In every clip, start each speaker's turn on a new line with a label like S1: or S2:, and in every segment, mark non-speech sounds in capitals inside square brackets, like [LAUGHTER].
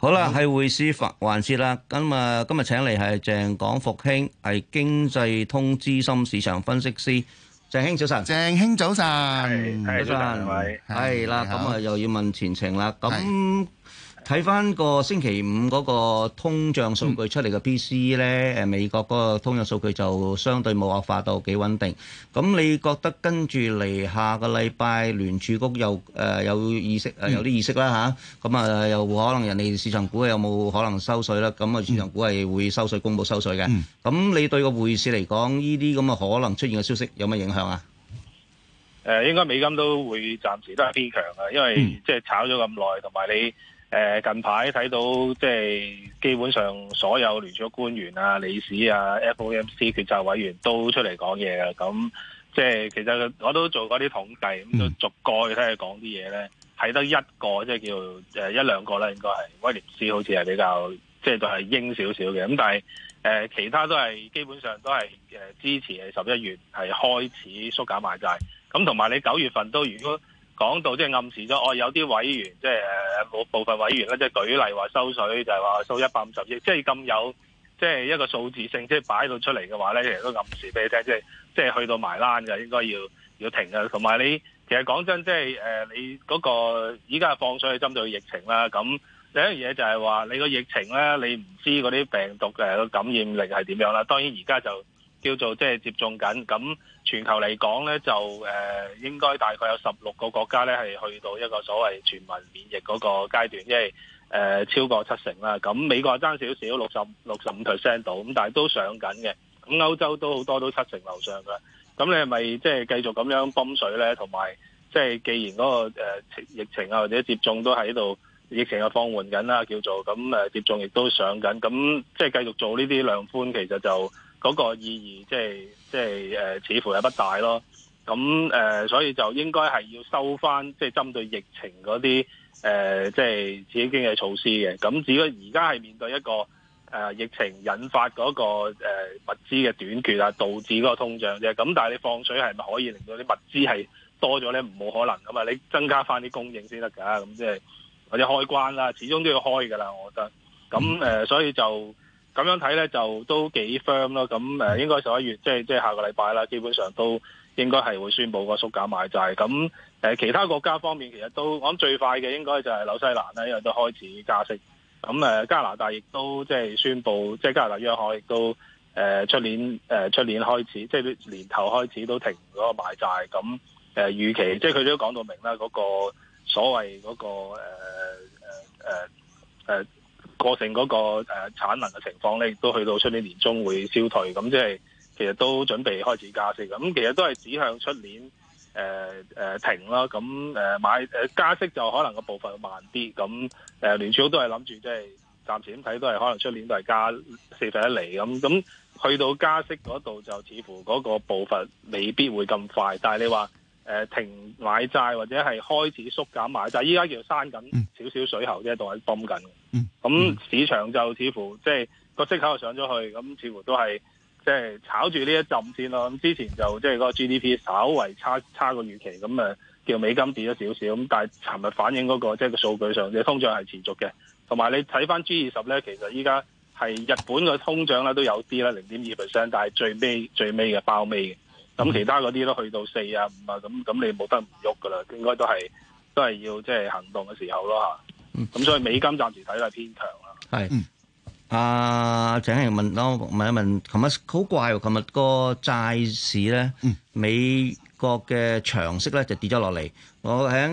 S1: 好啦，係匯市環節啦？咁啊，今日請嚟係鄭廣復兄，係經濟通資深市場分析師。鄭兄早晨，鄭兄早晨，早晨，係啦，咁啊，又要問前程啦，咁。睇翻個星期五嗰個通脹數據出嚟嘅 PCE 咧，誒美國嗰個通脹數據就相對冇惡化到，幾穩定。咁你覺得跟住嚟下個禮拜聯儲局又誒有意識，誒有啲意識啦嚇，咁啊又可能人哋市場股有冇可能收稅啦？咁啊，市場股係會收稅公佈收稅嘅。咁你對個匯市嚟講，呢啲咁嘅可能出現嘅消息有乜影響啊？
S2: 誒，應該美金都會暫時都係偏強啊，因為即係炒咗咁耐，同埋你。誒近排睇到即係基本上所有聯儲官員啊、理事啊、FOMC 決策委員都出嚟講嘢啊。咁即係其實我都做過啲統計，咁就逐個去睇佢講啲嘢咧，睇、嗯、得一個即係叫一兩個啦，應該係威廉斯好似係比較即係都係鷹少少嘅，咁但係其他都係基本上都係誒支持係十一月係開始縮減買債，咁同埋你九月份都如果。講到即係暗示咗，我、哦、有啲委員即係誒部部分委員咧，即、就、係、是、舉例話收水就係話收一百五十億，即係咁有即係、就是、一個數字性，即、就、係、是、擺到出嚟嘅話咧，其實都暗示俾你聽，即係即係去到埋欄就應該要要停嘅。同埋你其實講真，即係誒你嗰個依家放水針對疫情啦，咁另一樣嘢就係、是、話你個疫情咧，你唔知嗰啲病毒嘅感染力係點樣啦。當然而家就。叫做即係接種緊，咁全球嚟講咧就誒、呃、應該大概有十六個國家咧係去到一個所謂全民免疫嗰個階段，即係誒、呃、超過七成啦。咁美國爭少少，六十六十五 percent 度，咁但係都上緊嘅。咁歐洲都好多都七成樓上㗎。咁你係咪即係繼續咁樣泵水咧？同埋即係既然嗰、那個、呃、疫情啊或者接種都喺度疫情又放緩緊啦，叫做咁、呃、接種亦都上緊，咁即係繼續做呢啲量寬，其實就。嗰、那個意義即係即係誒，似乎係不大咯。咁誒、呃，所以就應該係要收翻，即、就、係、是、針對疫情嗰啲誒，即、呃、係、就是、刺激經濟措施嘅。咁只不過而家係面對一個誒、呃、疫情引發嗰、那個、呃、物資嘅短缺啊，導致嗰個通脹啫。咁但係你放水係咪可以令到啲物資係多咗咧？唔，冇可能噶嘛。你增加翻啲供應先得噶。咁即係或者開關啦，始終都要開噶啦，我覺得。咁誒、呃，所以就。咁樣睇咧就都幾 firm 咯，咁誒應該十一月即係即係下個禮拜啦，基本上都應該係會宣布個縮減買債。咁誒其他國家方面其實都，我諗最快嘅應該就係紐西蘭啦，因為都開始加息。咁誒加拿大亦都即係宣布，即係加拿大央行亦都誒出年誒出年開始，即係年頭開始都停嗰個買債。咁誒預期，即係佢都講到明啦，嗰個所謂嗰個誒誒誒個性嗰個誒產能嘅情況咧，亦都去到出年年中會消退，咁即係其實都準備開始加息。咁其實都係指向出年誒、呃呃、停囉。咁誒買加息就可能個步伐慢啲。咁誒聯儲都係諗住即係暫時咁睇，都係可能出年都係加四分一厘。咁。咁去到加息嗰度就似乎嗰個步伐未必會咁快。但係你話。誒、呃、停買債或者係開始縮減買債，依家叫刪緊少少水喉啫，度喺泵緊。咁、嗯嗯、市場就似乎即係個息口又上咗去，咁似乎都係即係炒住呢一陣先咯。咁之前就即係嗰個 GDP 稍為差差過預期，咁誒叫美金跌咗少少。咁但係尋日反映嗰，那個即係個數據上，嘅通脹係持續嘅。同埋你睇翻 G 二十咧，其實依家係日本嘅通脹咧都有啲啦，零點二 percent，但係最尾最尾嘅包尾嘅。咁其他嗰啲都去到四啊五啊，咁咁你冇得唔喐噶啦，應該都係都係要即係行動嘅時候咯嚇。咁所以美金暫時睇嚟偏
S1: 強啦。係，阿請人問多問一問，琴日好怪喎，琴日個債市咧，美國嘅長息咧就跌咗落嚟。我喺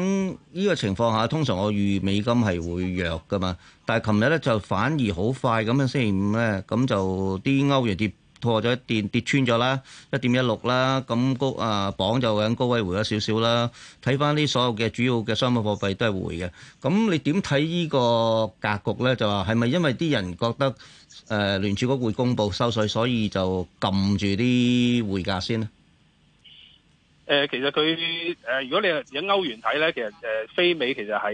S1: 呢個情況下，通常我預美金係會弱噶嘛，但係琴日咧就反而好快咁樣星期五咧，咁就啲歐元跌。破咗一跌跌穿咗啦，一點一六啦，咁高啊，磅就喺高位回咗少少啦。睇翻啲所有嘅主要嘅商品貨幣都係回嘅。咁你點睇呢個格局咧？就話係咪因為啲人覺得誒聯儲局會公布收稅，所以就撳住啲匯價先咧？誒，其
S2: 實佢誒，如果你係喺歐元睇咧，其實誒非美其實喺誒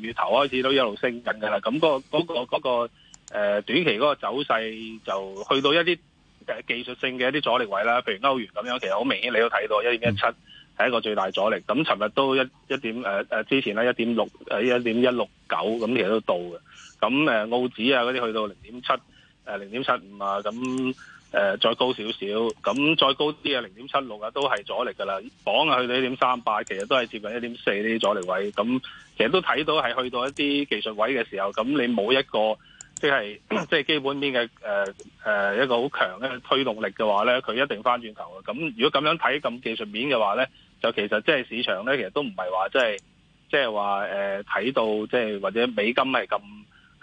S2: 十月頭開始都一路升緊噶啦。咁個嗰個嗰個。誒短期嗰個走勢就去到一啲誒技術性嘅一啲阻力位啦，譬如歐元咁樣，其實好明顯你都睇到一點一七係一個最大阻力。咁尋日都一一點誒誒之前啦一點六誒一點一六九咁，其實都到嘅。咁誒澳指啊嗰啲去到零點七誒零點七五啊，咁誒再高少少，咁再高啲啊零點七六啊都係阻力㗎啦。鎊啊去到一點三八，其實都係接近一點四呢啲阻力位。咁其實都睇到係去到一啲技術位嘅時候，咁你冇一個。即係即係基本面嘅誒誒一個好強嘅推動力嘅話咧，佢一定翻轉頭嘅。咁如果咁樣睇咁技術面嘅話咧，就其實即係市場咧，其實都唔係話即係即係話誒睇到即係或者美金係咁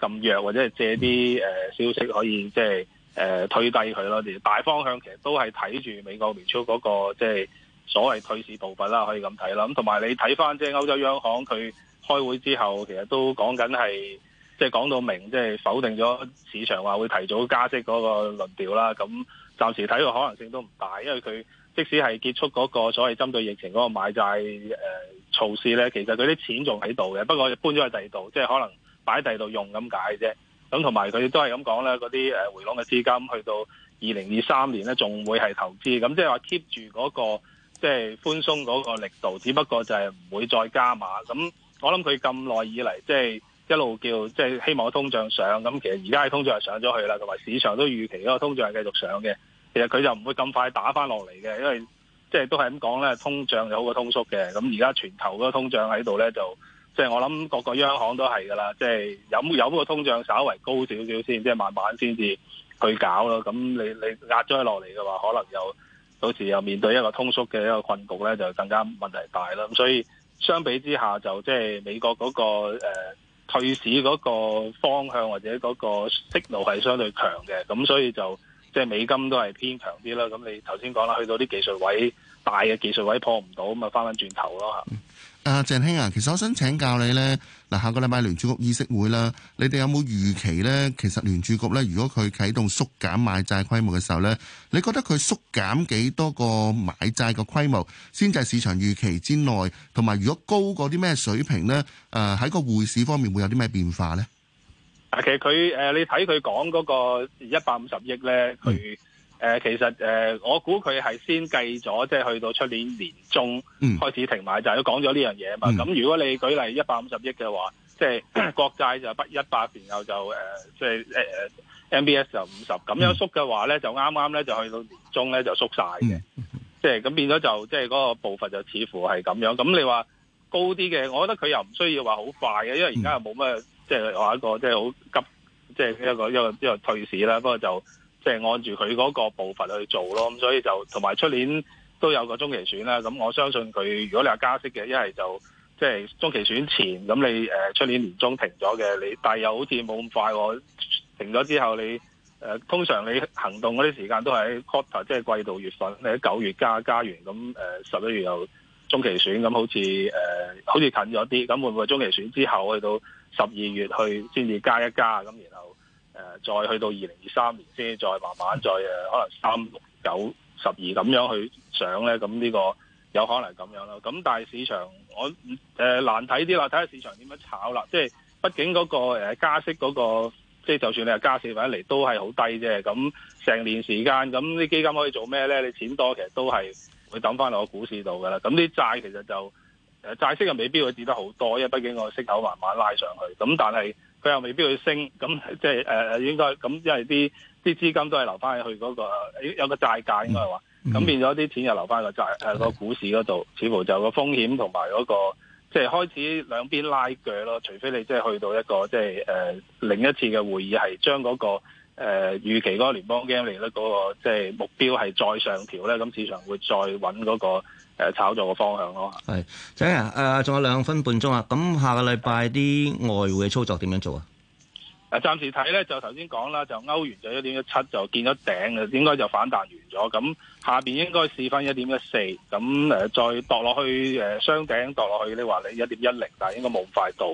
S2: 咁弱，或者係借啲誒消息可以即係誒推低佢咯。大方向其實都係睇住美國聯儲嗰個即係所謂退市步伐啦，可以咁睇啦。咁同埋你睇翻即係歐洲央行佢開會之後，其實都講緊係。即係講到明，即係否定咗市場話會提早加息嗰個論調啦。咁暫時睇個可能性都唔大，因為佢即使係結束嗰個所謂針對疫情嗰個買債誒措施咧，其實佢啲錢仲喺度嘅，不過搬咗去第二度，即係可能擺第二度用咁解啫。咁同埋佢都係咁講咧，嗰啲誒回籠嘅資金去到二零二三年咧，仲會係投資，咁即係話 keep 住嗰個即係寬鬆嗰個力度，只不過就係唔會再加碼。咁我諗佢咁耐以嚟，即係。一路叫即係、就是、希望通脹上，咁其實而家嘅通脹係上咗去啦，同埋市場都預期嗰個通脹係繼續上嘅。其實佢就唔會咁快打返落嚟嘅，因為即係都係咁講咧，通脹就好過通縮嘅。咁而家全球個通脹喺度咧，就即係、就是、我諗各個央行都係噶啦，即、就、係、是、有有個通脹稍為高少少先，即係慢慢先至去搞咯。咁你你壓咗落嚟嘅話，可能又到時又面對一個通縮嘅一個困局咧，就更加問題大啦。咁所以相比之下，就即係美國嗰、那個、呃退市嗰個方向或者嗰個息路係相對強嘅，咁所以就即係、就是、美金都係偏強啲啦。咁你頭先講啦，去到啲技術位，大嘅技術位破唔到，咁咪翻返轉頭咯吓。
S3: 阿鄭興啊，其實我想請教你呢嗱，下個禮拜聯儲局議息會啦，你哋有冇預期呢，其實聯儲局呢，如果佢啟動縮減買債規模嘅時候呢，你覺得佢縮減幾多個買債嘅規模先至係市場預期之內，同埋如果高過啲咩水平呢誒，喺、呃、個匯市方面會有啲咩變化呢？啊，其實佢誒，你睇
S2: 佢講嗰個一百五十億呢佢。誒、呃，其實誒、呃，我估佢係先計咗，即、就、係、是、去到出年年中開始停買、嗯、就係都講咗呢樣嘢啊嘛。咁、嗯、如果你舉例一百五十億嘅話，即、就、係、是、國債就不一百，然後就誒，即係誒誒，MBS 就五十咁樣縮嘅話咧、嗯，就啱啱咧就去到年中咧就縮晒嘅，即係咁變咗就即係嗰個步伐就似乎係咁樣。咁你話高啲嘅，我覺得佢又唔需要話好快嘅，因為而家又冇乜即係話一個即係好急，即、就、係、是、一個一個一個，一個退市啦。不過就。即係按住佢嗰個步伐去做咯，咁所以就同埋出年都有個中期選啦。咁我相信佢如果你加息嘅，一係就即係中期選前，咁你誒出年年中停咗嘅，你但係又好似冇咁快停咗之後，你誒通常你行動嗰啲時間都喺 quarter，即係季度月份，你喺九月加加完，咁誒十一月又中期選，咁好似誒好似近咗啲，咁會唔會中期選之後去到十二月去先至加一加咁，然後？誒、呃，再去到二零二三年先，再慢慢再誒，可能三六九十二咁樣去上咧，咁呢個有可能咁樣咯。咁但係市場我誒、呃、難睇啲啦，睇下市場點樣炒啦。即係畢竟嗰、那個誒、呃、加息嗰、那個，即、就、係、是、就算你係加息或者嚟，都係好低啫。咁成年時間，咁啲基金可以做咩咧？你錢多其實都係會抌翻落個股市度噶啦。咁啲債其實就債、呃、債息又未必會跌得好多，因為畢竟個息口慢慢拉上去。咁但係。佢又未必會升，咁即係誒應該咁，因為啲啲資金都係留翻去嗰個有個債價應該話，咁變咗啲錢又留翻個債誒、嗰個股市嗰度，似乎就有個風險同埋嗰個即係、即係、開始兩邊拉鋸咯。除非你即係去到一個即係誒另一次嘅會議係將嗰個誒、呃、預期嗰個聯邦基金利率呢，嗰個即係目標係再上調咧，咁市場會再揾嗰個。誒炒作嘅方向
S1: 咯，係，仔啊，誒、呃、仲有兩分半鐘啊，咁下個禮拜啲外匯嘅操作點樣做
S2: 啊？誒、呃、暫時睇咧，就頭先講啦，就歐元就一點一七就見咗頂嘅，應該就反彈完咗，咁下邊應該試翻一點一四，咁、呃、誒再墮落去誒、呃、雙頂墮落去你話你一點一零，但係應該冇咁快到。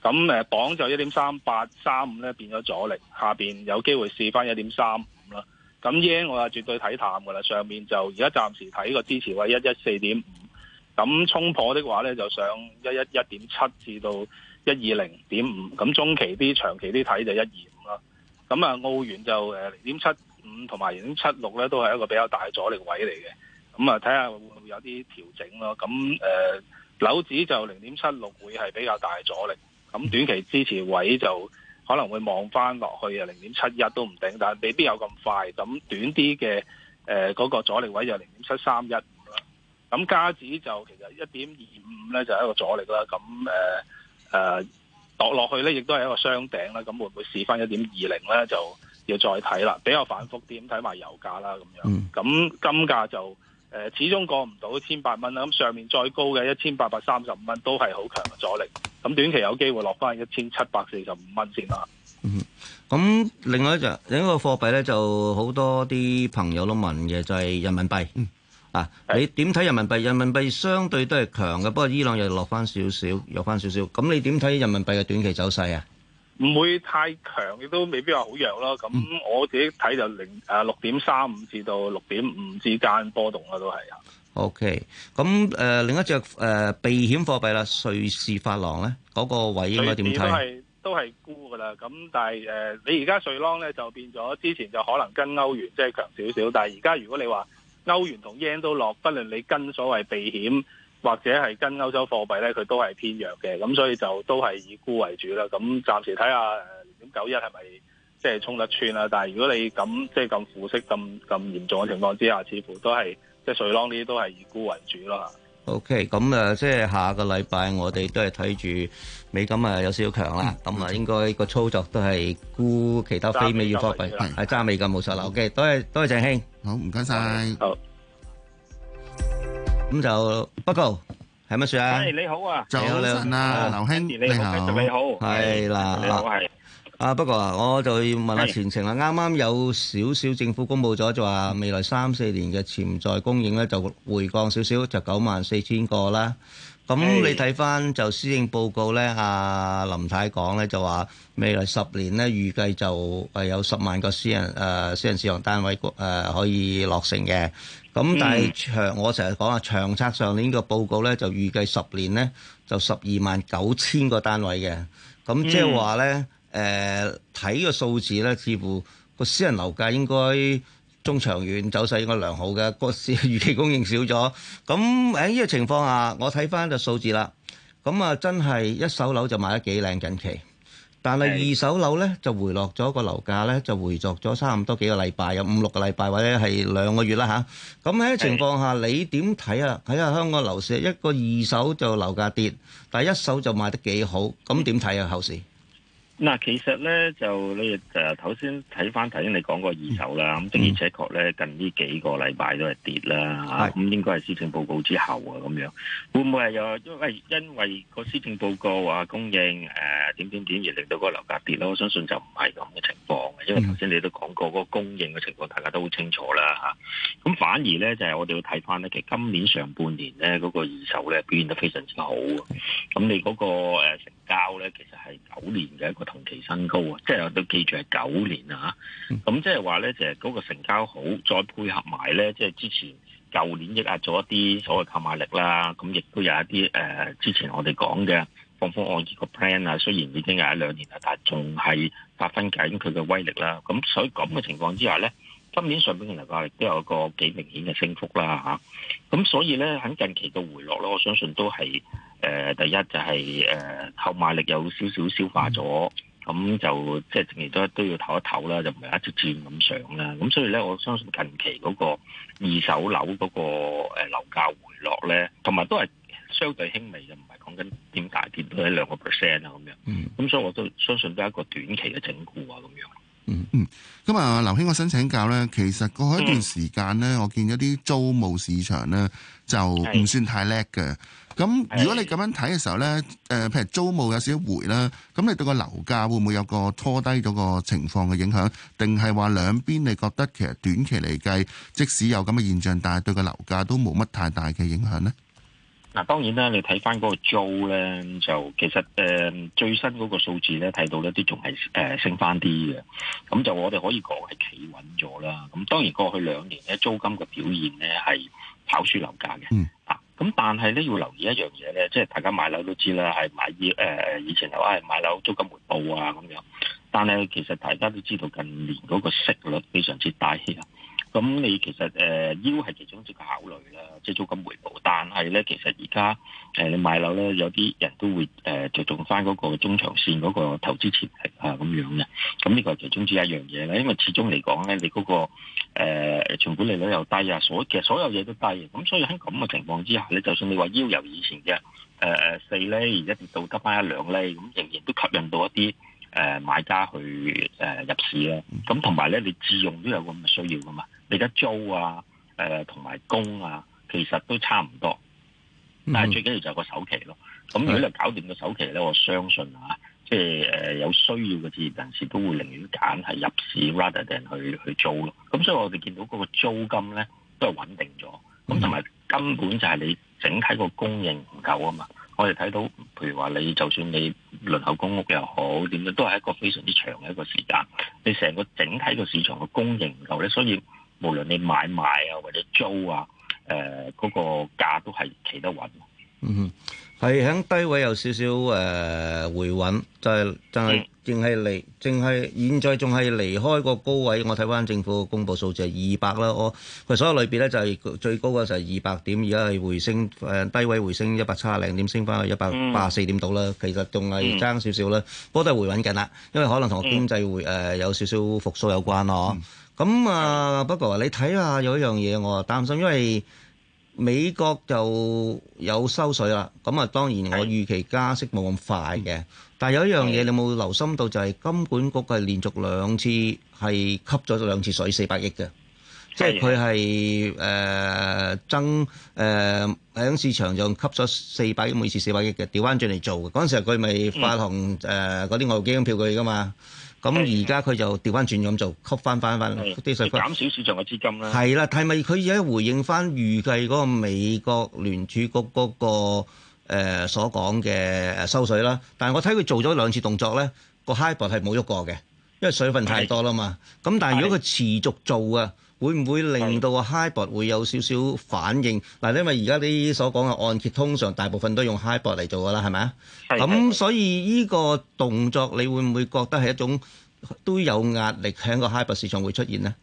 S2: 咁誒鎊就一點三八三五咧變咗阻力，下邊有機會試翻一點三。咁 yen 我係絕對睇淡㗎啦，上面就而家暫時睇個支持位一一四點五，咁衝破的話咧就上一一一點七至到一二零點五，咁中期啲、長期啲睇就一二五咯。咁啊澳元就誒零點七五同埋零點七六咧都係一個比較大阻力位嚟嘅，咁啊睇下會唔會有啲調整咯。咁誒紐元就零點七六會係比較大阻力，咁短期支持位就，可能會望翻落去啊，零點七一都唔頂，但係未必有咁快。咁短啲嘅，誒、呃、嗰、那個阻力位就零點七三一咁啦。咁加紙就其實一點二五咧就係、一個阻力啦。咁誒誒落落去咧，亦都係一個雙頂啦。咁會唔會試翻一點二零咧？就要再睇啦。比較反覆啲，咁睇埋油價啦，咁樣。咁金價就誒、呃、始終過唔到千八蚊啦。咁上面再高嘅一千八百三十五蚊都係好強嘅阻力。咁短期有機會落翻一千七百四十五
S1: 蚊先啦。嗯，咁另外就另一個貨幣咧，就好多啲朋友都問嘅，就係人民幣。嗯，啊，你點睇人民幣？人民幣相對都係強嘅，不過伊朗又落翻少少，弱翻少少。咁你點睇人民幣嘅短期走勢啊？
S2: 唔會太強，亦都未必話好弱咯。咁我自己睇就零啊六點三五至到六點五之間波動啦，都係啊。
S1: O K. 咁誒另一隻誒、呃、避險貨幣啦，瑞士法郎咧嗰、嗰個位應該點睇？瑞士
S2: 都係都係沽噶啦。咁但係、呃、你而家瑞郎咧就變咗，之前就可能跟歐元即係強少少，但係而家如果你話歐元同 yen 都落，不論你跟所謂避險或者係跟歐洲貨幣咧，佢都係偏弱嘅。咁所以就都係以沽為主啦。咁暫時睇下零點九一係咪即係衝得穿啦？但係如果你咁即係咁負息、咁咁嚴重嘅情況之下，似乎都係。
S1: 即係瑞郎呢啲都係以沽為主咯。OK，咁誒，即係下個禮拜我哋都係睇住美金誒有少少強啦，咁啊應該個操作都係沽其他非美元貨幣，係揸美金冇錯。OK，多謝多謝鄭兄，好唔該曬。好。咁就不過係乜事啊？誒
S4: 你好啊，早晨啊，劉兄你
S1: 好。係嗱嗱。啊！不過啊，我就要問下前程啦。啱啱有少少政府公布咗，就話未來三四年嘅潛在供應咧就回降少少，就九萬四千個啦。咁你睇翻就施政報告咧，阿、啊、林太講咧就話未來十年咧預計就係有十萬個私人誒、呃、私人市場單位誒、呃、可以落成嘅。咁但係、嗯、我成日講啊，長策上年個報告咧就預計十年咧就十二萬九千個單位嘅。咁即係話咧。就是誒，睇個數字咧，似乎個私人樓價應該中長遠走勢應該良好嘅。個市預期供應少咗，咁喺呢個情況下，我睇翻個數字啦。咁啊，真係一手樓就賣得幾靚近期，但係二手樓咧就回落咗個樓價咧，就回落咗差唔多幾個禮拜，有五六個禮拜或者係兩個月啦，吓，咁喺情況下，哎、你點睇啊？睇下香港樓市一個二手就樓價跌，但係一手就賣得幾好，咁點睇啊？後市？
S4: 嗱，其實咧就你誒頭先睇翻頭先你講過二手啦，咁的而且確咧近呢幾個禮拜都係跌啦，咁應該係施政報告之後啊咁樣，會唔會係又因為因為個施政報告啊供應誒、呃、點點點而令到個樓價跌咧？我相信就唔係咁嘅情況因為頭先你都講過嗰、那個供應嘅情況大家都好清楚啦咁、啊、反而咧就係、是、我哋要睇翻咧，其實今年上半年咧嗰、那個二手咧表現得非常之好，咁你嗰、那個、嗯呃交咧，其實係九年嘅一個同期新高啊！即係我都記住係九年啊！咁即係話咧，就係嗰個成交好，再配合埋咧，即係之前舊年抑壓咗一啲所謂購買力啦，咁亦都有一啲誒、呃、之前我哋講嘅放風按揭個 plan 啊，雖然已經有一兩年啦，但係仲係發揮緊佢嘅威力啦。咁所以咁嘅情況之下咧，今年上半年嚟樓價亦都有個幾明顯嘅升幅啦，咁、啊、所以咧，喺近期嘅回落咧，我相信都係誒、呃、第一就係、是、誒、呃、購買力有少少消化咗，咁就即係仍期都都要唞一唞啦，就唔係一直轉咁上啦。咁所以咧，我相信近期嗰個二手樓嗰個誒樓價回落咧，同埋都係相對輕微，就唔係講緊點大跌，都係一兩個 percent 啊咁樣。咁、嗯、所以我都相信都係一個短期嘅整固啊咁樣。
S3: 嗯嗯，咁、嗯、啊，劉兄，我想請教呢。其實過去一段時間呢、嗯，我見一啲租務市場呢，就唔算太叻嘅。咁如果你咁樣睇嘅時候呢，誒、呃，譬如租務有少少回啦，咁你對個樓價會唔會有個拖低咗個情況嘅影響？定係話兩邊你覺得其實短期嚟計，即使有咁嘅現象，但係對個樓價都冇乜太大嘅影響呢？
S4: 嗱、啊，當然啦，你睇翻嗰個租咧，就其實誒、呃、最新嗰個數字咧，睇到咧啲仲係升翻啲嘅，咁就我哋可以講係企穩咗啦。咁當然過去兩年咧租金嘅表現咧係跑輸樓價嘅，嗱、嗯，咁、啊、但係咧要留意一樣嘢咧，即係大家買樓都知啦，係買啲、呃、以前話係買樓租金回報啊咁樣，但係其實大家都知道近年嗰個息率非常之低啊。咁你其實誒腰係其中一個考慮啦，即係租金回報。但係咧，其實而家誒你買樓咧，有啲人都會誒、呃、着重翻嗰個中長線嗰個投資潛力啊咁樣嘅。咁、嗯、呢、這個係其中之一樣嘢啦，因為始終嚟講咧，你嗰、那個誒、呃、存款利率又低啊，所其實所有嘢都低。咁、嗯、所以喺咁嘅情況之下咧，就算你話腰由以前嘅誒、呃、四厘而家跌到得翻一兩厘，咁、嗯、仍然都吸引到一啲誒、呃、買家去、呃、入市啦。咁同埋咧，你自用都有咁嘅需要噶嘛。你而家租啊，誒同埋供啊，其實都差唔多，但係最緊要就係個首期咯。咁如果你搞掂個首期咧，我相信啊，即係有需要嘅置業人士都會寧願揀係入市 rather than 去去租咯。咁所以我哋見到嗰個租金咧都係穩定咗，咁同埋根本就係你整體個供應唔夠啊嘛。我哋睇到，譬如話你就算你輪候公屋又好點樣，都係一個非常之長嘅一個時間。你成個整體個市場嘅供應唔夠咧，所以。無論你買賣啊或者租啊，誒、呃、嗰、那個
S1: 價都係企得穩。嗯哼，係喺低位有少少誒、呃、回穩，就係、是、就係淨係離，淨、嗯、係現在仲係離開個高位。我睇翻政府公布數字係二百啦，我，佢所有類別咧就係、是、最高嘅就係二百點，而家係回升誒、呃、低位回升一百七十零點，升翻去一百八十四點到啦、嗯。其實仲係爭少少啦，不、嗯、過都係回穩緊啦，因為可能同個經濟回誒、嗯呃、有少少復蘇有關咯。嗯咁啊，不過你睇下有一樣嘢，我啊擔心，因為美國就有收水啦。咁啊，當然我預期加息冇咁快嘅。但係有一樣嘢你冇留心到，就係金管局係連續兩次係吸咗兩次水四百億嘅，即係佢係誒增誒喺市場上吸咗四百億，每次四百億嘅，調翻轉嚟做嘅。嗰陣時佢咪發行誒嗰啲外匯基金票據㗎嘛？咁而家佢就調翻轉咁做，吸翻翻翻啲水，減少
S4: 市場嘅資金
S1: 啦。係啦，係咪佢而家回應翻預計嗰個美國聯儲局嗰、嗰個、呃、所講嘅收水啦？但係我睇佢做咗兩次動作咧，個 HIBOR 係冇喐過嘅，因為水分太多啦嘛。咁但係如果佢持續做啊？會唔會令到個 high 博會有少少反應？嗱，因為而家啲所講嘅按揭通常大部分都用 high 博嚟做嘅啦，係咪啊？咁所以呢個動作，你會唔會覺得係一種都有壓力喺個 high 博市場會出現呢？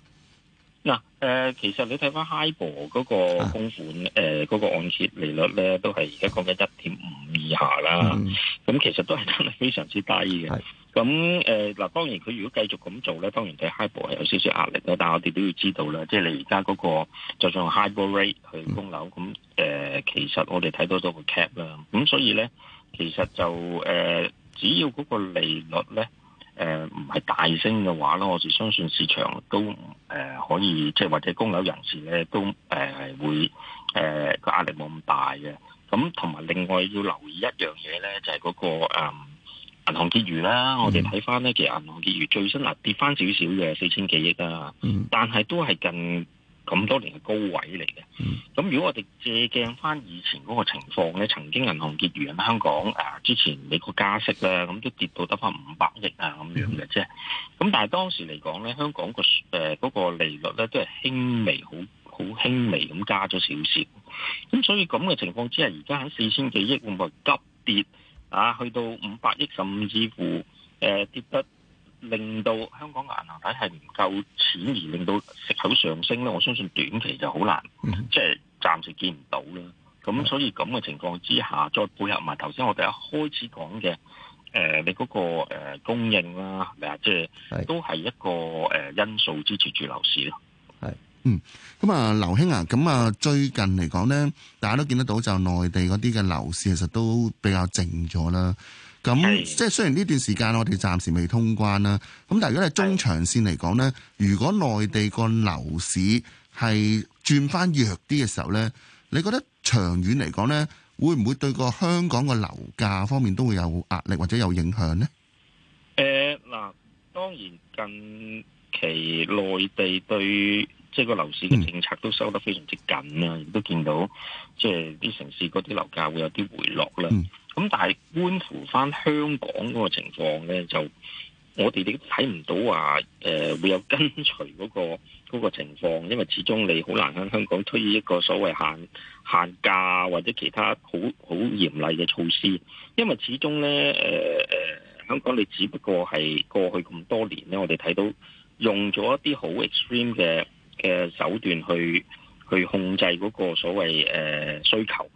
S4: 嗱，誒，其實你睇返 high 博嗰個供款誒嗰、啊呃嗰個按揭利率咧，都係而家講緊一點五以下啦。咁、嗯、其實都係真係非常之低嘅。咁誒嗱，當然佢如果繼續咁做咧，當然對 hybrid 係有少少壓力咯。但我哋都要知道啦，即係你而家嗰個就算用 hybrid rate 去供樓咁誒、呃，其實我哋睇到咗個 cap 啦。咁所以咧，其實就誒、呃，只要嗰個利率咧誒唔係大升嘅話咧，我哋相信市場都誒、呃、可以，即係或者供樓人士咧都誒、呃、會誒個、呃、壓力冇咁大嘅。咁同埋另外要留意一樣嘢咧，就係、是、嗰、那個、呃銀行結餘啦，嗯、我哋睇翻咧，其實銀行結餘最新啊跌翻少少嘅四千幾億啊。嗯、但係都係近咁多年嘅高位嚟嘅。咁、嗯、如果我哋借鏡翻以前嗰個情況咧，曾經銀行結餘喺香港，啊之前美國加息咧，咁都跌到得翻五百億啊咁、嗯、樣嘅啫。咁但係當時嚟講咧，香港個誒嗰個利率咧都係輕微好好輕微咁加咗少少，咁所以咁嘅情況之下，而家喺四千幾億會唔會急跌？啊，去到五百億甚至乎，誒、呃、跌得令到香港銀行體系唔夠錢而令到息口上升咧，我相信短期就好難， [LAUGHS] 即係暫時見唔到啦。咁所以咁嘅情況之下，再配合埋頭先我哋一開始講嘅，誒、呃、你嗰、那個、呃、供應啦、啊，嗱即係都係一個誒、呃、因素支持住樓
S3: 市咯、啊。嗯，咁啊，劉兄啊，咁啊，最近嚟講呢，大家都見得到就內地嗰啲嘅樓市其實都比較靜咗啦。咁即係雖然呢段時間我哋暫時未通關啦，咁但係如果你係中長線嚟講呢，如果內地個樓市係轉翻弱啲嘅時候呢，你覺得長遠嚟講呢，會唔會對個香港個樓價方面都會有壓力或者有影響呢？
S4: 誒，嗱，呃，當然近期內地對。即係個樓市嘅政策都收得非常之緊啦，啊，亦、嗯、都見到即係啲城市嗰啲樓價會有啲回落啦。咁、嗯、但係觀乎翻香港嗰個情況咧，就我哋都睇唔到話誒、呃、會有跟隨嗰、嗰個嗰個情況，因為始終你好難向香港推一個所謂限限價或者其他好好嚴厲嘅措施，因為始終咧誒誒香港你只不過係過去咁多年咧，我哋睇到用咗一啲好 extreme 嘅嘅手段去去控制嗰個所謂誒、呃、需求，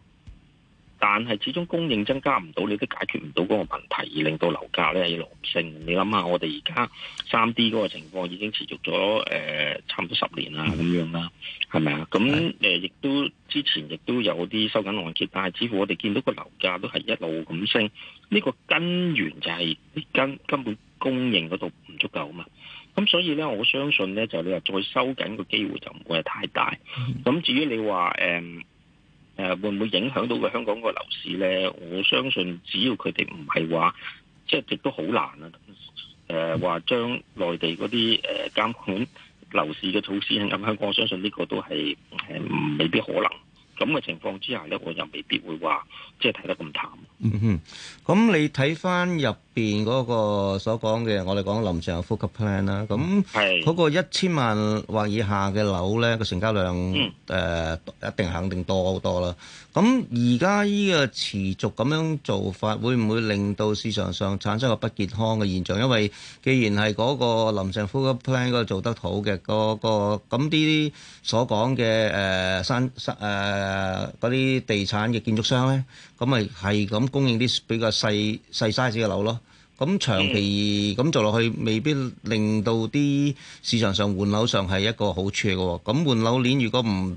S4: 但係始終供應增加唔到，你都解決唔到嗰個問題，而令到樓價咧一路升。你諗下，我哋而家三 D 嗰個情況已經持續咗誒、呃、差唔多十年啦，咁樣啦，係咪啊？咁、嗯、誒，亦都之前亦都有啲收緊按揭，但係似乎我哋見到個樓價都係一路咁升，呢、這個根源就係根根本供應嗰度唔足夠啊嘛。咁所以咧，我相信咧就你話再收緊個機會就唔會係太大。咁至於你話誒誒會唔會影響到個香港個樓市咧？我相信只要佢哋唔係話即係亦都好難啊。誒、呃，話將內地嗰啲誒監管樓市嘅措施引入香港，我相信呢個都係誒、呃、未必可能。咁嘅情況之下咧，我
S1: 又未必會話即係睇得咁淡。嗯哼，咁你睇翻入邊嗰個所講嘅，我哋講林鄭 full up plan 啦。咁嗰個一千萬或以下嘅樓咧，個成交量誒一定肯定多好多啦。咁而家呢個持續咁樣做法，會唔會令到市場上產生個不健康嘅現象？因為既然係嗰個林鄭 full up plan 嗰度做得好嘅，個個咁啲所講嘅誒山山誒。誒嗰啲地產嘅建築商咧，咁咪係咁供應啲比較細細 size 嘅樓咯。咁長期咁做落去，未必令到啲市場上換樓上係一個好處嘅。咁換樓鏈如果唔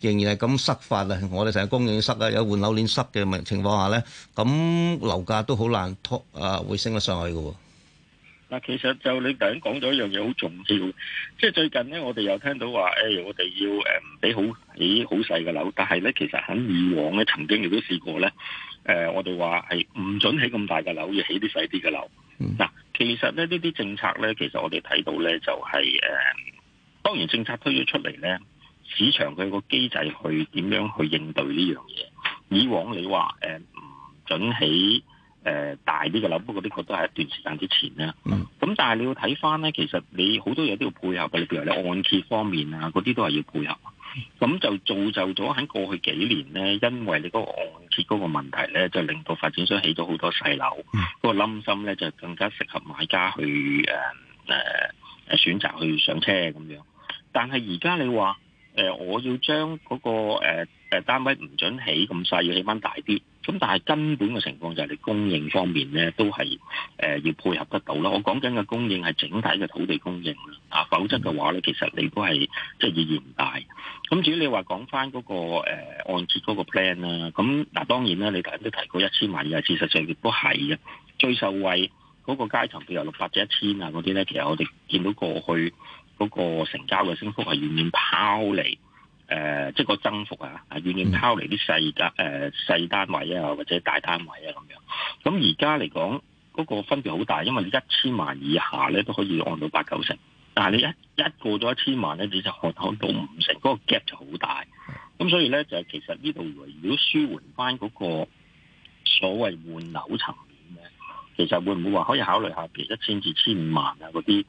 S1: 仍然係咁塞法，啊，我哋成日供應塞啊，有換樓鏈塞嘅情況下咧，咁樓價都好難拖啊，會升得上去嘅。
S4: 嗱，其實就你突然講咗一樣嘢好重要，即係最近咧，我哋又聽到話，誒、哎，我哋要誒唔俾好起好細嘅樓，但係咧，其實喺以往咧，曾經亦都試過咧，誒、呃，我哋話係唔准起咁大嘅樓，要起啲細啲嘅樓。嗱、嗯，其實咧呢啲政策咧，其實我哋睇到咧就係、是、誒、嗯，當然政策推咗出嚟咧，市場佢個機制去點樣去應對呢樣嘢。以往你話誒唔准起，誒、呃、大啲嘅樓，不過呢個都係一段時間之前啦。咁、嗯、但係你要睇翻咧，其實你好多嘢都要配合嘅，譬如你按揭方面啊，嗰啲都係要配合。咁就造就咗喺過去幾年咧，因為你個按揭嗰個問題咧，就令到發展商起咗好多細樓，嗯、嗰個 lump sum 咧就更加適合買家去誒誒誒選擇去上車咁樣。但係而家你話、呃、我要將嗰、那個誒單、呃、單位唔準起咁細，要起翻大啲。咁但係根本嘅情況就係你供應方面咧都係誒要配合得到啦。我講緊嘅供應係整體嘅土地供應啊，否則嘅話咧，其實你都係即係意義唔大。咁至於你話講翻嗰個按揭嗰個 plan 啦，咁嗱當然啦，你大家都提過一千萬，嘅，事實上亦都係嘅。最受惠嗰個階層，譬如六百至一千啊嗰啲咧，其實我哋見到過去嗰個成交嘅升幅係遠遠拋離。誒、呃，即係個增幅啊，啊，遠遠拋離啲細、呃、細單誒細單位啊，或者大單位啊咁樣。咁而家嚟講，嗰、那個分別好大，因為你一千萬以下咧都可以按到八九成，但係你一一過咗一千萬咧，你就按到五成，嗰、那個 gap 就好大。咁所以咧，就係、其實呢度如果舒緩翻嗰個所謂換樓層面咧，其實會唔會話可以考慮下，譬如一千至千五萬啊嗰啲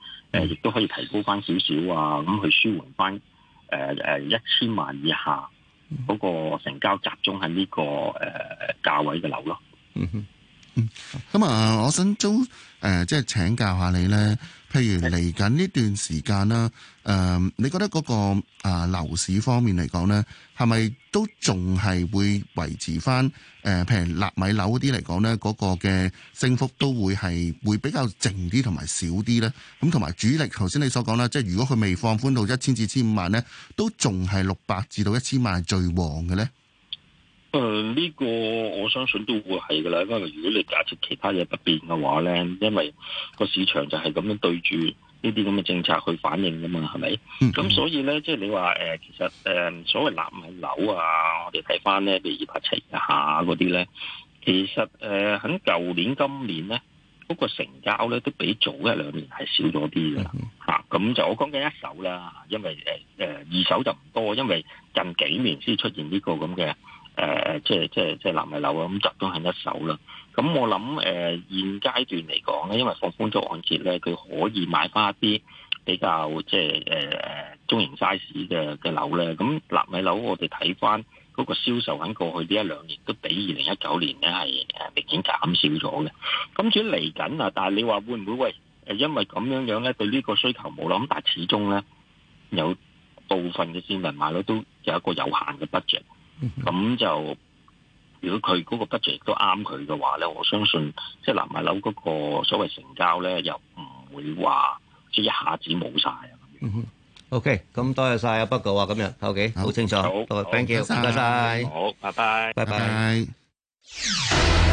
S4: 亦都可以提高翻少少啊，咁去舒緩翻。誒、呃、誒、呃，一千萬以下嗰、那個成交集中喺呢、這個誒價、呃、位嘅樓咯。嗯 [LAUGHS] 。
S3: 嗯，咁啊，我想租誒，即係請教下你咧。譬如嚟緊呢段時間啦，誒，你覺得嗰個啊樓市方面嚟講咧，係咪都仲係會維持翻？誒，譬如納米樓嗰啲嚟講咧，嗰個嘅升幅都會係會比較靜啲同埋少啲咧。咁同埋主力，頭先你所講啦，即係如果佢未放寬到一千至千五萬咧，都仲係六百至到一千萬係最旺嘅咧。
S4: 誒、嗯、呢、這個我相信都會係嘅啦，因為如果你假設其他嘢不變嘅話咧，因為個市場就係咁樣對住呢啲咁嘅政策去反應嘅嘛，係咪？咁、嗯、所以咧，即係你話誒，其實誒、呃、所謂納米樓啊，我哋睇翻咧，譬如二百七廿下嗰啲咧，其實誒喺舊年、今年咧，嗰、那個成交咧都比早一兩年係少咗啲嘅吓。咁、嗯啊、就我講緊一手啦，因為誒誒、呃、二手就唔多，因為近幾年先出現呢個咁嘅。誒、呃、誒，即係即係即係納米樓啊！咁集中係一手啦。咁我諗誒、呃，現階段嚟講咧，因為放寬咗按揭咧，佢可以買翻一啲比較即係誒誒中型 size 嘅嘅樓咧。咁納米樓我哋睇翻嗰個銷售喺過去呢一兩年都比二零一九年咧係誒明顯減少咗嘅。咁至於嚟緊啊，但係你話會唔會喂？誒，因為咁樣樣咧，對呢個需求冇啦。但係始終咧，有部分嘅市民買樓都有一個有限嘅 budget。咁就如果佢嗰個 budget 都啱佢嘅話咧，我相信即係南亞樓嗰個所謂成交咧，又唔會話即係一下子冇晒啊。嗯
S1: ，OK，咁多謝晒啊，輝哥啊，今日 OK，好清楚，好，thank you，唔該晒，好，拜拜，拜拜。